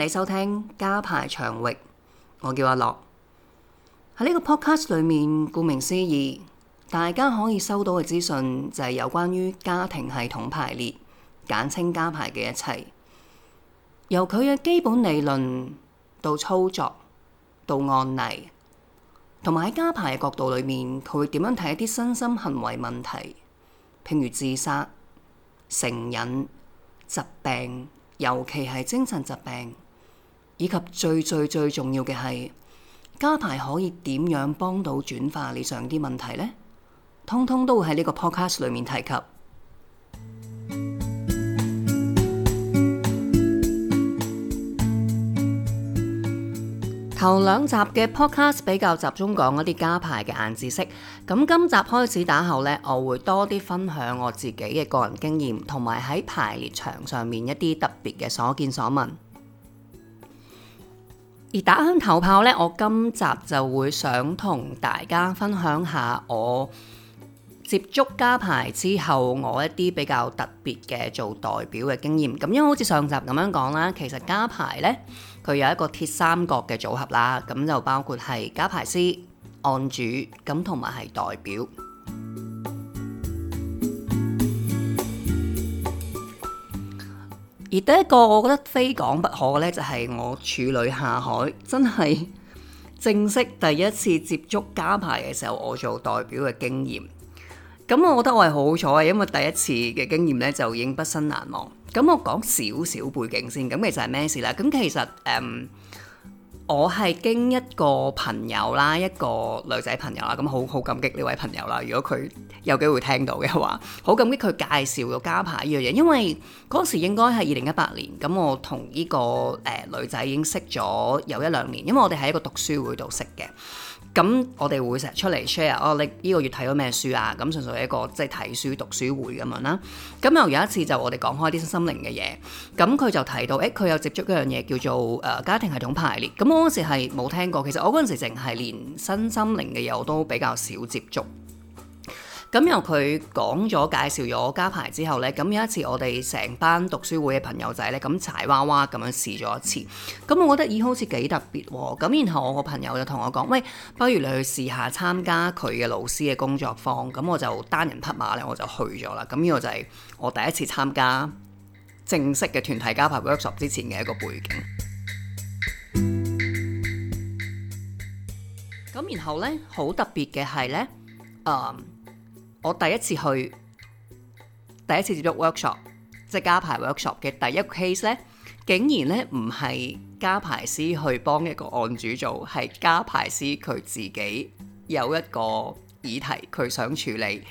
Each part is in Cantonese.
你收聽家排長域，我叫阿樂，喺呢個 podcast 裏面，顧名思義，大家可以收到嘅資訊就係有關於家庭系統排列，簡稱家排嘅一切，由佢嘅基本理論到操作到案例，同埋喺家排嘅角度裏面，佢會點樣睇一啲身心行為問題，譬如自殺、成癮、疾病，尤其係精神疾病。以及最最最重要嘅係，家排可以點樣幫到轉化你上啲問題呢？通通都會喺呢個 podcast 裏面提及。頭兩集嘅 podcast 比較集中講一啲家排嘅硬知識，咁今集開始打後呢，我會多啲分享我自己嘅個人經驗，同埋喺排列場上面一啲特別嘅所見所聞。而打響頭炮呢，我今集就會想同大家分享下我接觸家排之後，我一啲比較特別嘅做代表嘅經驗。咁因為好似上集咁樣講啦，其實家排呢，佢有一個鐵三角嘅組合啦。咁就包括係家排師、案主咁同埋係代表。而第一個我覺得非講不可嘅呢，就係我處女下海，真係正式第一次接觸家排嘅時候，我做代表嘅經驗。咁我覺得我係好好彩嘅，因為第一次嘅經驗呢，就已經畢生難忘。咁我講少少背景先，咁其實係咩事啦？咁其實誒。嗯我係經一個朋友啦，一個女仔朋友啦，咁好好感激呢位朋友啦。如果佢有機會聽到嘅話，好感激佢介紹加個家排呢樣嘢，因為嗰時應該係二零一八年。咁我同呢、呢個誒、呃、女仔已經識咗有一兩年，因為我哋喺一個讀書會度識嘅。咁我哋會成日出嚟 share，哦，你呢個月睇咗咩書啊？咁純粹係一個即係睇書讀書會咁樣啦。咁又有一次就我哋講開啲心靈嘅嘢，咁佢就提到，誒、欸、佢有接觸一樣嘢叫做誒、呃、家庭系統排列。咁我嗰時係冇聽過，其實我嗰陣時淨係連新心靈嘅嘢我都比較少接觸。咁由佢講咗介紹咗家排之後呢，咁有一次我哋成班讀書會嘅朋友仔呢，咁柴娃娃咁樣試咗一次。咁我覺得咦，好似幾特別喎、哦。咁然後我個朋友就同我講，喂，不如你去試下參加佢嘅老師嘅工作坊。咁我就單人匹馬呢，我就去咗啦。咁呢個就係我第一次參加正式嘅團體家排 workshop 之前嘅一個背景。咁 然後呢，好特別嘅係呢。Um, 我第一次去，第一次接觸 workshop，即係家排 workshop 嘅第一 case 呢，竟然呢唔係家排師去幫一個案主做，係家排師佢自己有一個議題佢想處理。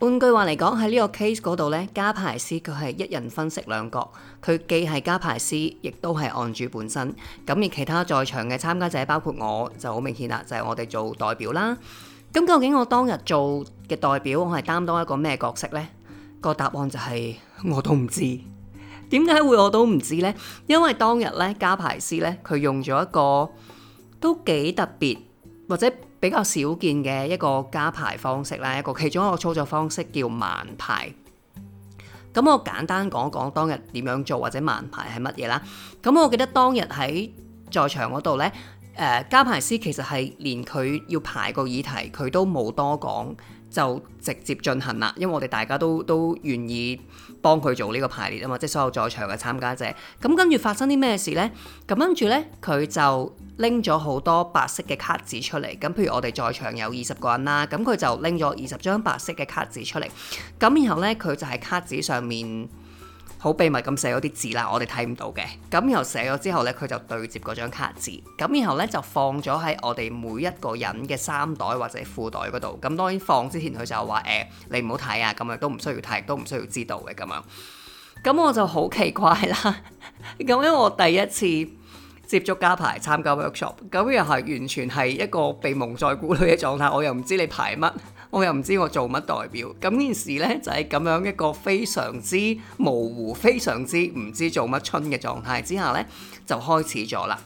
換句話嚟講，喺呢個 case 嗰度呢，家排師佢係一人分析兩角，佢既係家排師，亦都係案主本身。咁而其他在場嘅參加者，包括我就好明顯啦，就係我哋做代表啦。咁究竟我當日做嘅代表，我係擔當一個咩角色呢？個答案就係我都唔知。點解會我都唔知呢？因為當日咧家排師咧，佢用咗一個都幾特別或者比較少見嘅一個家排方式啦。一個其中一個操作方式叫慢排。咁我簡單講講當日點樣做或者慢排係乜嘢啦。咁我記得當日喺在，在場嗰度呢。誒，家排、uh, 師其實係連佢要排個議題，佢都冇多講，就直接進行啦。因為我哋大家都都願意幫佢做呢個排列啊嘛，即係所有在場嘅參加者。咁跟住發生啲咩事呢？咁跟住呢，佢就拎咗好多白色嘅卡紙出嚟。咁譬如我哋在場有二十個人啦，咁佢就拎咗二十張白色嘅卡紙出嚟。咁然後呢，佢就喺卡紙上面。好秘密咁寫咗啲字啦，我哋睇唔到嘅。咁然後寫咗之後呢，佢就對接嗰張卡紙。咁然後呢，就放咗喺我哋每一個人嘅衫袋或者褲袋嗰度。咁當然放之前佢就話：誒、欸，你唔好睇啊！咁樣都唔需要睇，都唔需，需要知道嘅咁樣。咁我就好奇怪啦。咁 因為我第一次接觸家排參加 workshop，咁又係完全係一個被蒙在鼓裏嘅狀態。我又唔知你排乜。我又唔知我做乜代表，咁件事呢就係咁樣一個非常之模糊、非常之唔知做乜春嘅狀態之下呢，就開始咗啦。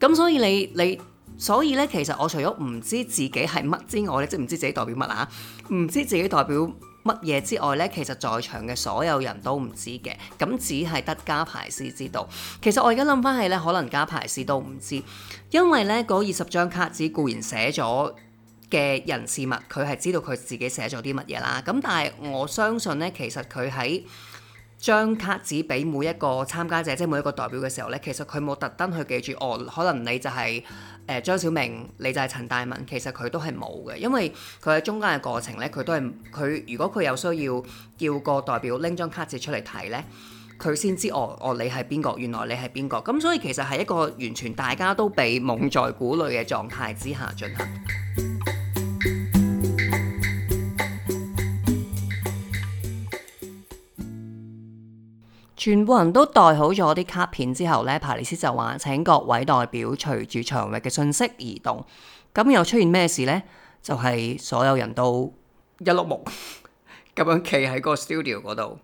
咁所以你你，所以咧，其實我除咗唔知自己係乜之外咧，即唔知自己代表乜啊，唔知自己代表乜嘢之外呢，其實在場嘅所有人都唔知嘅，咁只係得家排師知道。其實我而家諗翻起呢，可能家排師都唔知，因為呢嗰二十張卡紙固然寫咗。嘅人事物，佢係知道佢自己寫咗啲乜嘢啦。咁但係我相信呢，其實佢將卡紙俾每一個參加者，即係每一個代表嘅時候呢，其實佢冇特登去記住。哦，可能你就係誒張小明，你就係陳大文。其實佢都係冇嘅，因為佢喺中間嘅過程呢，佢都係佢如果佢有需要叫個代表拎張卡紙出嚟睇呢，佢先知哦，哦、哦、你係邊個，原來你係邊個。咁所以其實係一個完全大家都被蒙在鼓裏嘅狀態之下進行。全部人都帶好咗啲卡片之後咧，帕里斯就話：請各位代表隨住場域嘅訊息移動。咁又出現咩事呢？就係、是、所有人都一碌木咁樣企喺個 studio 嗰度。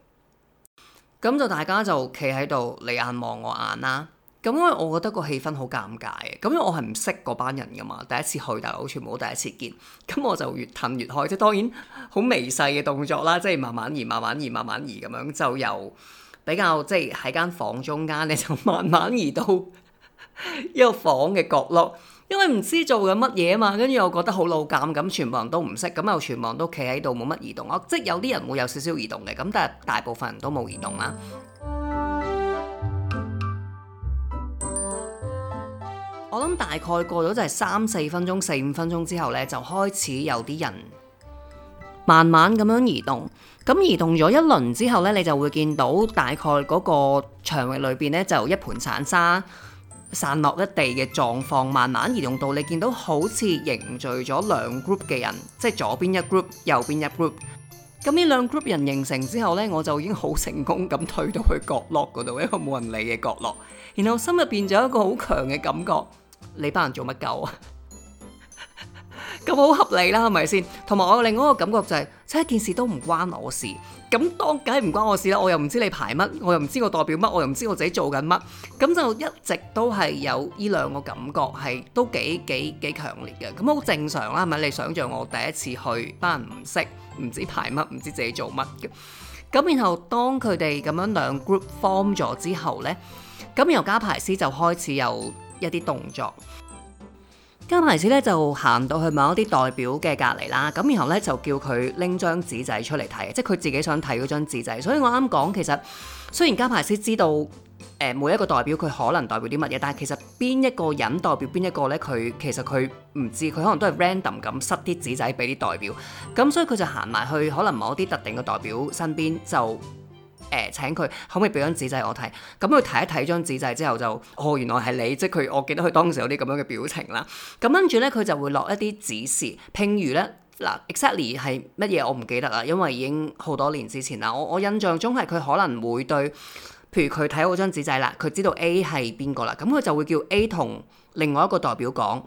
咁就大家就企喺度，你眼望我眼啦。咁因為我覺得個氣氛好尷尬嘅。咁我係唔識嗰班人噶嘛，第一次去，大佬全部都第一次見。咁我就越褪越開，即係當然好微細嘅動作啦，即係慢慢移、慢慢移、慢慢移咁樣就有。比較即係喺間房中間，你就慢慢移到一個房嘅角落，因為唔知做緊乜嘢啊嘛。跟住我覺得好老尷咁，全部人都唔識，咁又全部人都企喺度冇乜移動咯。即係有啲人會有少少移動嘅，咁但係大部分人都冇移動啦。我諗大概過咗就係三四分鐘、四五分鐘之後呢，就開始有啲人，慢慢咁樣移動，咁移動咗一輪之後呢，你就會見到大概嗰個場域裏邊呢，就一盤散沙散落一地嘅狀況，慢慢移動到你見到好似凝聚咗兩 group 嘅人，即係左邊一 group，右邊一 group。咁呢兩 group 人形成之後呢，我就已經好成功咁退到去角落嗰度一個冇人理嘅角落，然後心入邊就有一個好強嘅感覺：你班人做乜鳩啊？ 咁好合理啦，係咪先？同埋我有另外一個感覺就係、是，即一件事都唔關我事。咁當梗係唔關我事啦，我又唔知你排乜，我又唔知我代表乜，我又唔知我自己做緊乜。咁就一直都係有呢兩個感覺，係都幾幾幾強烈嘅。咁好正常啦，係咪？你想像我第一次去，班人唔識，唔知排乜，唔知自己做乜嘅。咁然後當佢哋咁樣兩 group form 咗之後呢，咁由家排師就開始有一啲動作。家排師咧就行到去某一啲代表嘅隔離啦，咁然後咧就叫佢拎張紙仔出嚟睇，即係佢自己想睇嗰張紙仔。所以我啱講，其實雖然家排師知道誒、呃、每一個代表佢可能代表啲乜嘢，但係其實邊一個人代表邊一個咧，佢其實佢唔知，佢可能都係 random 咁塞啲紙仔俾啲代表。咁所以佢就行埋去可能某一啲特定嘅代表身邊就。誒、呃、請佢可唔可以俾張紙仔我睇咁佢睇一睇張紙仔之後就哦原來係你即係佢。我記得佢當時有啲咁樣嘅表情啦。咁跟住咧，佢就會落一啲指示，譬如咧嗱，exactly 係乜嘢我唔記得啦，因為已經好多年之前啦。我我印象中係佢可能會對譬如佢睇好張紙仔啦，佢知道 A 係邊個啦，咁佢就會叫 A 同另外一個代表講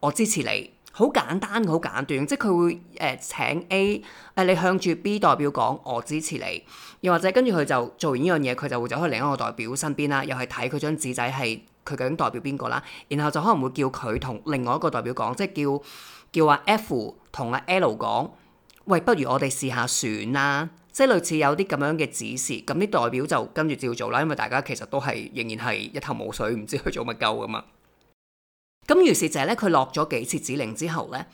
我支持你。好簡單好簡短，即係佢會誒、呃、請 A 誒、呃，你向住 B 代表講，我支持你。又或者跟住佢就做完呢樣嘢，佢就會走去另一個代表身邊啦，又係睇佢張紙仔係佢究竟代表邊個啦。然後就可能會叫佢同另外一個代表講，即係叫叫阿 F 同阿 L 講，喂，不如我哋試下選啦。即係類似有啲咁樣嘅指示，咁啲代表就跟住照做啦。因為大家其實都係仍然係一頭霧水，唔知去做乜鳩㗎嘛。咁於是就係咧，佢落咗幾次指令之後咧，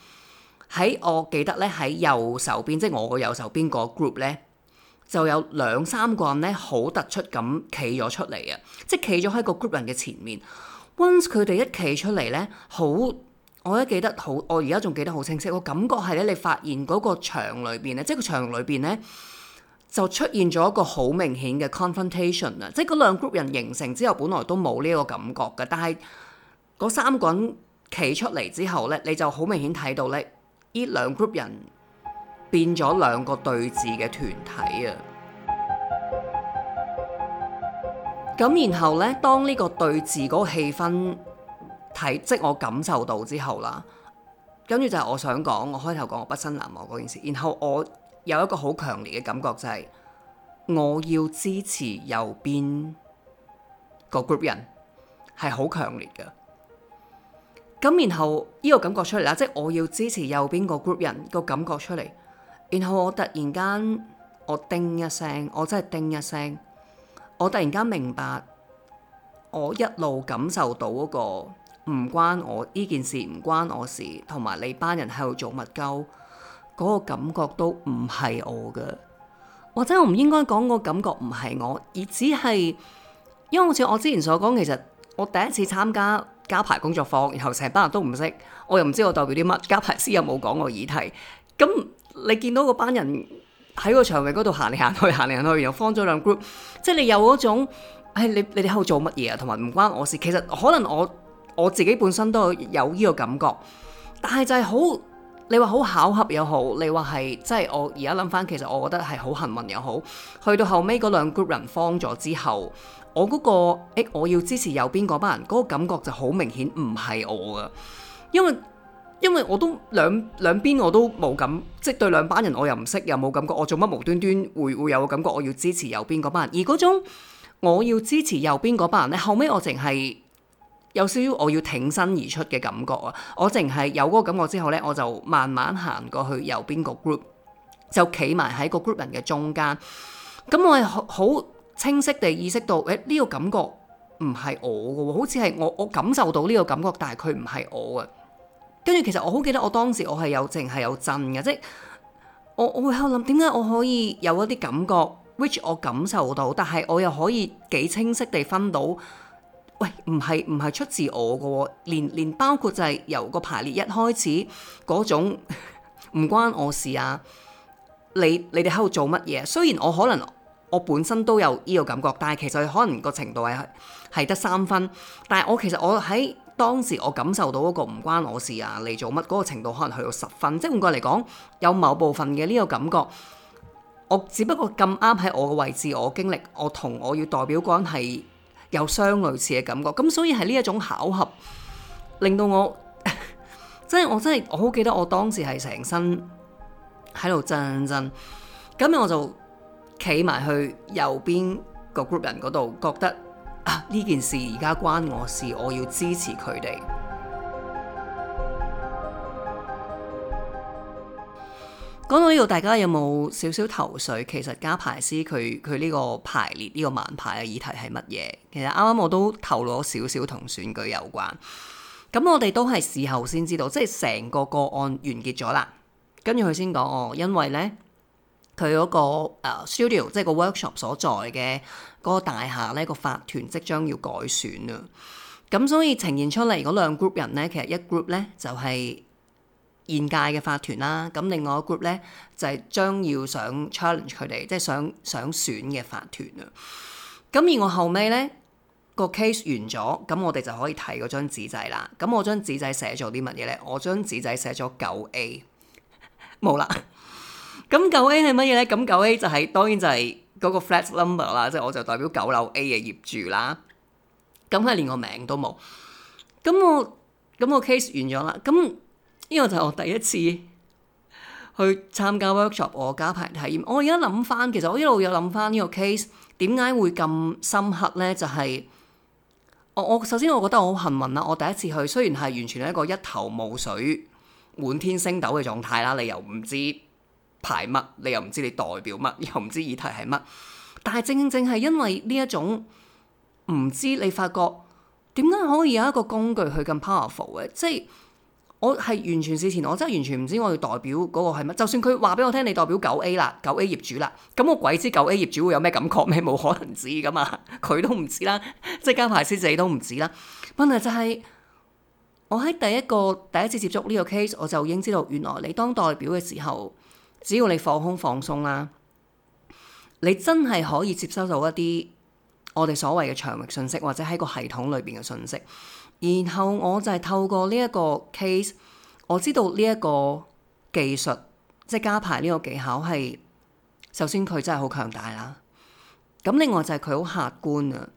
喺我記得咧，喺右手邊，即係我個右手邊個 group 咧，就有兩三個人咧，好突出咁企咗出嚟啊！即係企咗喺個 group 人嘅前面。Once 佢哋一企出嚟咧，好，我記得好，我而家仲記得好清晰，個感覺係咧，你發現嗰個場裏邊咧，即係個場裏邊咧，就出現咗一個好明顯嘅 confrontation 啊！即係嗰兩 group 人形成之後，本來都冇呢個感覺㗎，但係，嗰三個人企出嚟之後呢，你就好明顯睇到呢，呢兩 group 人變咗兩個對峙嘅團體啊。咁然後呢，當呢個對峙嗰個氣氛體積，即我感受到之後啦，跟住就係我想講，我開頭講我畢生難忘嗰件事，然後我有一個好強烈嘅感覺，就係，就係我要支持右邊個 group 人係好強烈嘅。咁然後呢個感覺出嚟啦，即係我要支持右邊個 group 人個感覺出嚟。然後我突然間我叮一聲，我真係叮一聲。我突然間明白，我一路感受到嗰個唔關我呢件事唔關我事，同埋你班人喺度做乜鳩嗰個感覺都唔係我嘅。或者我唔應該講個感覺唔係我，而只係因為好似我之前所講，其實我第一次參加。加排工作坊，然後成班人都唔識，我又唔知我代表啲乜，加排師又冇講個議題，咁你見到嗰班人喺個場域嗰度行嚟行去，行嚟行去，然後放咗兩 group，即係你有嗰種，哎、你你哋喺度做乜嘢啊？同埋唔關我事。其實可能我我自己本身都有呢個感覺，但係就係好，你話好巧合又好，你話係即係我而家諗翻，其實我覺得係好幸運又好。去到後尾嗰兩 group 人放咗之後。我嗰個，欸，我要支持右邊嗰班人，嗰個感覺就好明顯，唔係我噶，因為因為我都兩兩邊我都冇感，即對兩班人我又唔識，又冇感覺，我做乜無端端會會有感覺我要支持右邊嗰班人，而嗰種我要支持右邊嗰班人咧，後尾我淨係有少少我要挺身而出嘅感覺啊，我淨係有嗰個感覺之後呢，我就慢慢行過去右邊個 group，就企埋喺個 group 人嘅中間，咁我係好，清晰地意識到，誒、哎、呢、這個感覺唔係我嘅喎，好似係我我感受到呢個感覺，但係佢唔係我嘅。跟住其實我好記得我當時我係有淨係有震嘅，即係我我喺度諗點解我可以有一啲感覺，which 我感受到，但係我又可以幾清晰地分到，喂唔係唔係出自我嘅喎，連連包括就係由個排列一開始嗰種唔 關我事啊，你你哋喺度做乜嘢？雖然我可能。我本身都有呢個感覺，但係其實可能個程度係係得三分，但係我其實我喺當時我感受到嗰個唔關我事啊，你做乜嗰個程度可能去到十分，即係換句嚟講，有某部分嘅呢個感覺，我只不過咁啱喺我嘅位置，我經歷，我同我要代表嗰人係有相類似嘅感覺，咁所以係呢一種巧合，令到我即係 我真係我好記得我當時係成身喺度震震，咁樣我就。企埋去右邊個 group 人嗰度，覺得呢、啊、件事而家關我事，我要支持佢哋。講 到呢度，大家有冇少少頭緒？其實家排師佢佢呢個排列呢、呢個盲排嘅議題係乜嘢？其實啱啱我都透露咗少少同選舉有關。咁我哋都係事後先知道，即係成個個案完結咗啦。跟住佢先講哦，因為呢。」佢嗰個 studio，即係個 workshop 所在嘅嗰個大廈咧，個法團即將要改選啊。咁所以呈現出嚟嗰兩 group 人咧，其實一 group 咧就係現屆嘅法團啦。咁另外一 group 咧就係將要想 challenge 佢哋，即係想想選嘅法團啊。咁而我後尾咧個 case 完咗，咁我哋就可以睇嗰張紙仔啦。咁我張紙仔寫咗啲乜嘢咧？我張紙仔寫咗九 A 冇啦。 咁九 A 係乜嘢咧？咁九 A 就係、是、當然就係嗰個 flat number 啦，即係我就代表九樓 A 嘅業主啦。咁佢連個名都冇。咁我咁、那個 case 完咗啦。咁呢、這個就係我第一次去參加 workshop 我家排體驗。我而家諗翻，其實我一路有諗翻呢個 case 點解會咁深刻咧？就係、是、我我首先我覺得我好幸運啦。我第一次去，雖然係完全係一個一頭霧水、滿天星斗嘅狀態啦，你又唔知。排乜？你又唔知你代表乜，又唔知議題係乜。但係正正係因為呢一種唔知，你發覺點解可以有一個工具去咁 powerful 嘅？即係我係完全事前，我真係完全唔知我要代表嗰個係乜。就算佢話俾我聽，你代表九 A 啦，九 A 業主啦，咁我鬼知九 A 業主會有咩感覺咩？冇可能知噶嘛，佢都唔知啦，即係家排師自己都唔知啦。問題就係我喺第一個第一次接觸呢個 case，我就已經知道原來你當代表嘅時候。只要你放空放鬆啦，你真係可以接收到一啲我哋所謂嘅場域信息，或者喺個系統裏邊嘅信息。然後我就係透過呢一個 case，我知道呢一個技術即係、就是、家排呢個技巧係首先佢真係好強大啦。咁另外就係佢好客觀啊，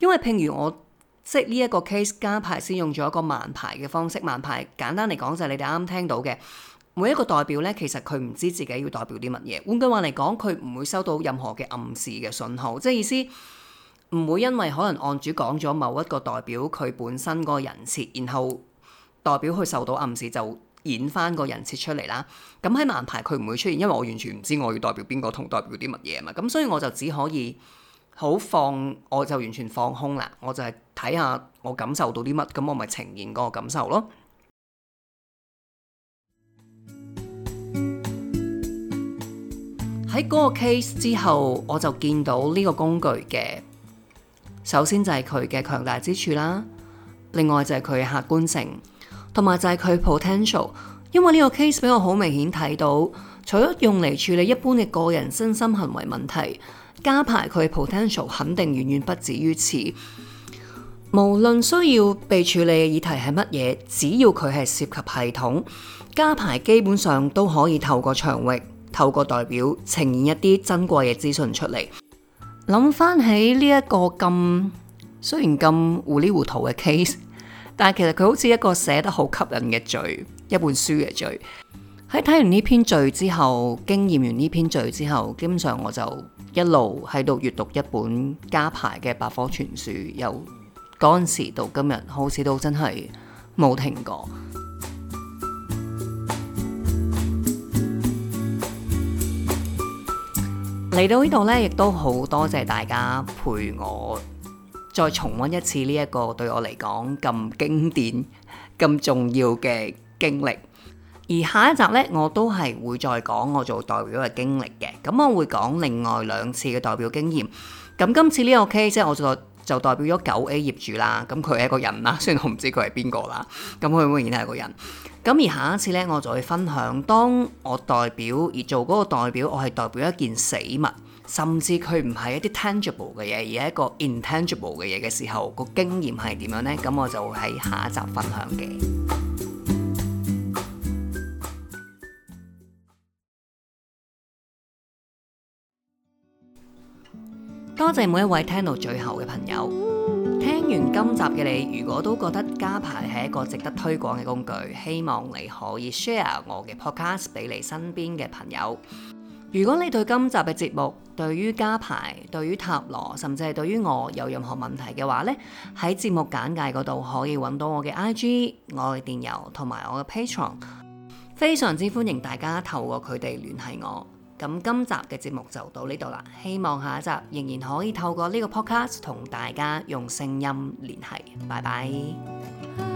因為譬如我即係呢一個 case 家排先用咗一個慢排嘅方式，慢排簡單嚟講就係你哋啱啱聽到嘅。每一個代表咧，其實佢唔知自己要代表啲乜嘢。換句話嚟講，佢唔會收到任何嘅暗示嘅信號，即係意思唔會因為可能案主講咗某一個代表佢本身個人設，然後代表佢受到暗示就演翻個人設出嚟啦。咁喺盲排，佢唔會出現，因為我完全唔知我要代表邊個同代表啲乜嘢啊嘛。咁所以我就只可以好放，我就完全放空啦。我就係睇下我感受到啲乜，咁我咪呈現嗰個感受咯。喺嗰個 case 之後，我就見到呢個工具嘅。首先就係佢嘅強大之處啦，另外就係佢嘅客觀性，同埋就係佢嘅 potential。因為呢個 case 俾我好明顯睇到，除咗用嚟處理一般嘅個人身心行為問題，家排佢 potential 肯定遠遠不止於此。無論需要被處理嘅議題係乜嘢，只要佢係涉及系統，家排基本上都可以透過場域，透過代表呈現一啲珍貴嘅資訊出嚟。諗翻起呢一個咁雖然咁糊裏糊塗嘅 case，但係其實佢好似一個寫得好吸引嘅序，一本書嘅序。喺睇完呢篇序之後，經驗完呢篇序之後，基本上我就一路喺度閱讀一本家排嘅百科全書，由嗰陣時到今日，好似都真係冇停過。嚟到呢度呢，亦都好多謝大家陪我再重溫一次呢一個對我嚟講咁經典、咁重要嘅經歷。而下一集呢，我都係會再講我做代表嘅經歷嘅。咁我會講另外兩次嘅代表經驗。咁今次呢一個 case，我做。就代表咗九 A 業主啦，咁佢係一個人啦，雖然我唔知佢係邊個啦，咁佢當然係一個人。咁而下一次呢，我就會分享當我代表而做嗰個代表，我係代表一件死物，甚至佢唔係一啲 tangible 嘅嘢，而係一個 intangible 嘅嘢嘅時候，個經驗係點樣呢？咁我就會喺下一集分享嘅。多謝每一位聽到最後嘅朋友，聽完今集嘅你，如果都覺得家排係一個值得推廣嘅工具，希望你可以 share 我嘅 podcast 俾你身邊嘅朋友。如果你對今集嘅節目、對於家排、對於塔羅，甚至係對於我有任何問題嘅話呢，喺節目簡介嗰度可以揾到我嘅 IG 我、我嘅電郵同埋我嘅 Patreon，非常之歡迎大家透過佢哋聯繫我。咁今集嘅節目就到呢度啦，希望下一集仍然可以透過呢個 Podcast 同大家用聲音聯繫，拜拜。